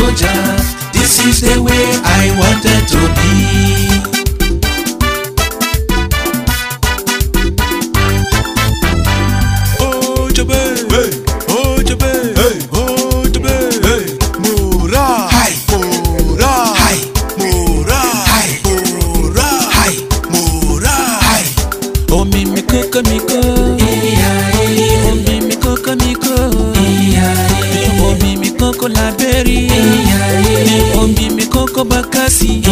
soldier, this is the way I wanted to be. Come, come, come. omi mi koko bakasi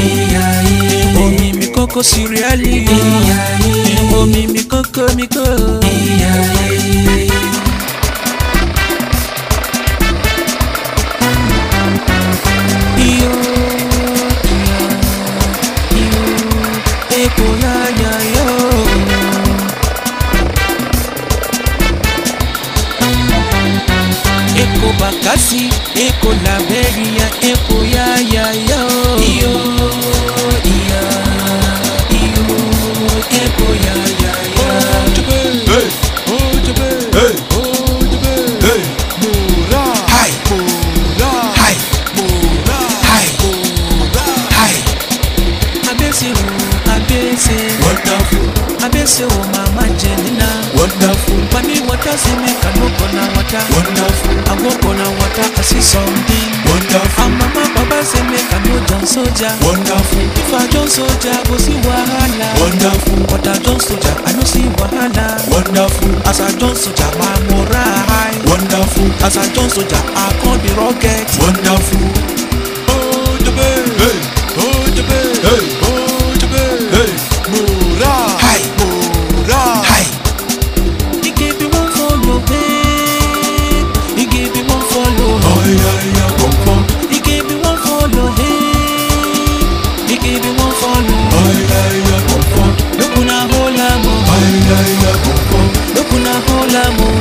omi mi kọ́kọ́ siriali omi mi koko mi kọ́. Eko bakasi, eko laba. abese wo mama jelina wonderful pani wata seme kanoko na wata wonderful agoko na wata asi something wonderful amama baba seme kano jan soja wonderful ifa jan soja kò sí wàhálà wonderful ọ̀tá jan soja àlọ́ sí wàhálà wonderful asa jan soja máa mọ̀ra high wonderful asa jan soja akọ́bí rocket wonderful. Ndio inakupo Nukuna hula mu